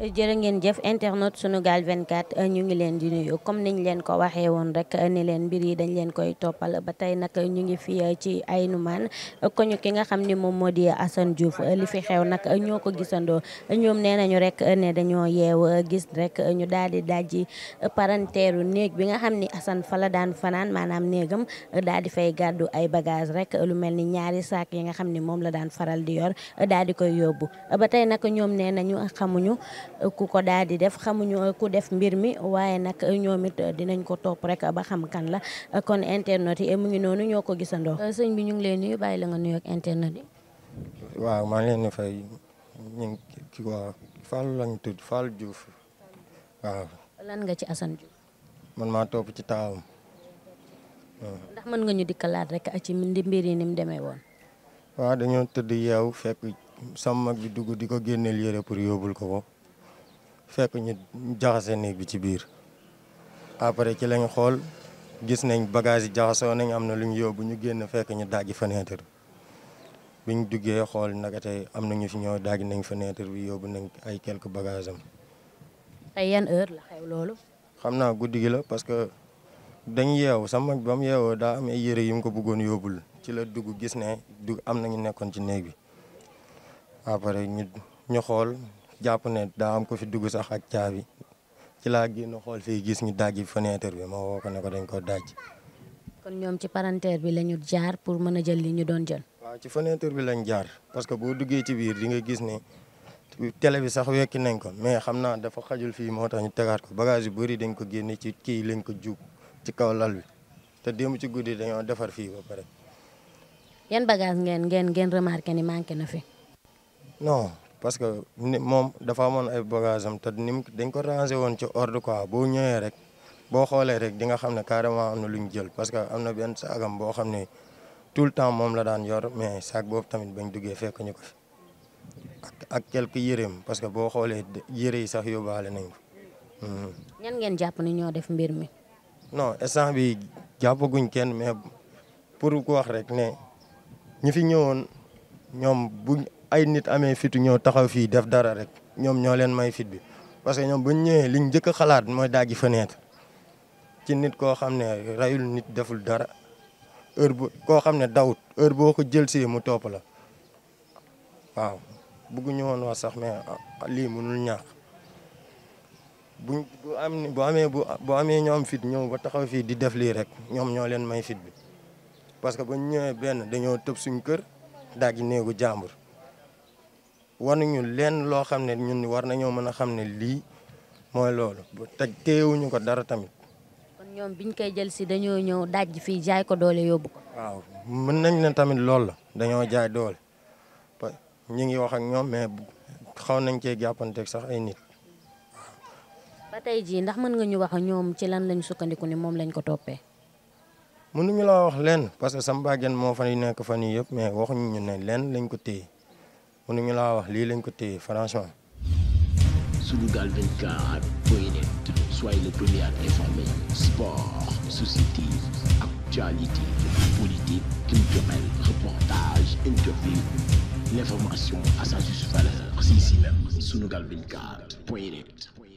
jërë ngeen jëf internet Sunugal 24 euh, ñu ngi leen di nuyu comme niñ leen ko waxee woon rek euh, ni leen mbir yi dañ leen koy toppal ba tey nag ñu ngi fi euh, ci Aynoumane koñu ki nga xam ni moom moo di Assane Diouf li fi xew nag ñoo ko gisandoo ñoom nee nañu rek ne dañoo yeew gis rek ñu daal di dajji paranteeru néeg bi nga xam ni Assane fa la daan fanaan maanaam néegam daal di fay gàddu ay bagage rek lu mel ni ñaari saak yi nga xam ni moom la daan faral di yor daal di koy yóbbu nañu xamuñu ku ko daal di def xamuñu uh, ku def mbir mi waaye nag uh, ñoom it uh, dinañ ko topp rek ba xam kan la kon internet yi mu ngi noonu ñoo ko gisandoo. sëñ bi ñu ngi lay nuyu bàyyi la nga nuyu ak internet yi. maa ngi leen di fay ñu ngi lan nga ci Assane Diouf. man maa topp ci taawam. ndax mën nga ñu dikkalaat rek ci mbir yi ni mu demee woon. waaw dañoo tëdd yeew fekk sama mag di dugg di ko génneel yére pour yóbbul ko ko. fekk ñu jaxase néeg bi ci biir après ci lañ xool gis nañ bagage yi jaxasoo nañ am na lu ñu yóbbu ñu génn fekk ñu daaji fenêtre bi ñu duggee xool naka tey am na ñu fi ñëw daaji nañ fenêtre bi yóbbu nañ ay quelques bagages am. tey xam naa guddi gi la parce que dañ yeew sama mag ba mu yeewoo daa amee ay yére yu mu ko bëggoon yóbbul ci la dugg gis ne du am na ñu nekkoon ci néeg bi après ñu ñu xool. jàpp ne daa ko fi dugg sax ak caabi ci laa génn xool fii gis ñu dajji fenêtre bi ma woo ko ne ko dañ ko dajj kon ñoom ci palanteer bi la ñu jaar pour mën a jël li ñu doon jël. waaw ci fenêtre bi lañ jaar parce que boo duggee ci biir di nga gis ne tele bi sax wekki nañ ko mais xam naa dafa xajul fii moo tax ñu tegaat ko bagage yu dañ ko génne ci kii lañ ko juub ci kaw lal bi te démb ci guddi dañoo defar fii ba pare. yan bagage ngeen ngeen ngeen remarqué ni manqué na fi. non parce que moom dafa amoon ay bagages am te mu dañ ko rangé woon ci ordre quoi boo ñëwee rek boo xoolee rek di nga xam ne carrément am na lu ñu jël parce que am na benn saagam boo xam ne tout le temps moom la daan yor mais saag boobu tamit bañ duggee fekk ñu ko fi ak ak quelques yëreem parce que boo xoolee yëre yi sax yóbbaale nañ ko. Mm-hmm. ñan ngeen jàpp ne ñoo def mbir mi. non instant bi jàppaguñ kenn mais pour ku wax rek ne ñi fi ñëwoon ñoom buñ ay nit amee fitu ñoo taxaw fii def dara rek ñoom ñoo leen may fit bi parce que ñoom bu ñu ñëwee liñ njëkk a xalaat mooy daaji faneet ci nit koo xam ne rayul nit deful dara heure bu koo xam ne dawut heure boo ko jël see mu topp la waaw bëgguñu woon wax sax mais ah, lii mënul ñàkk buñ bu am bu amee bu amee ñoo fit ñëw ba taxaw fii di def lii rek ñoom ñoo leen may fit bi parce que ba ñu ñëwee benn dañoo tëb suñ kër daagi néegu jàmbur wanuñu leen loo xam ne ñun war nañoo mën a xam ne lii mooy loolu teg teewuñu ko dara tamit. kon ñoom biñ koy jël si dañoo ñëw daj fii jaay ko doole yóbbu ko. waaw mën nañ leen tamit loolu la dañoo jaay doole ñu ngi wax ak ñoom mais xaw nañ cee jàppanteeg sax ay nit. ba tey jii ndax mën nga ñu wax ñoom ci lan lañ sukkandiku ni moom lañ ko toppee. mënuñu la wax leen parce que sama bàjjen moo fa nekk fan yii yëpp mais waxuñu ñu ne leen lañ ko téye. mënuñu laa wax lii lañ ko téye franchement. Sunugal 24 point net soyez le premier à informer sport société actualité politique culturelle reportage interview l'information à sa juste valeur c'est ici même Sunugal 24 point net.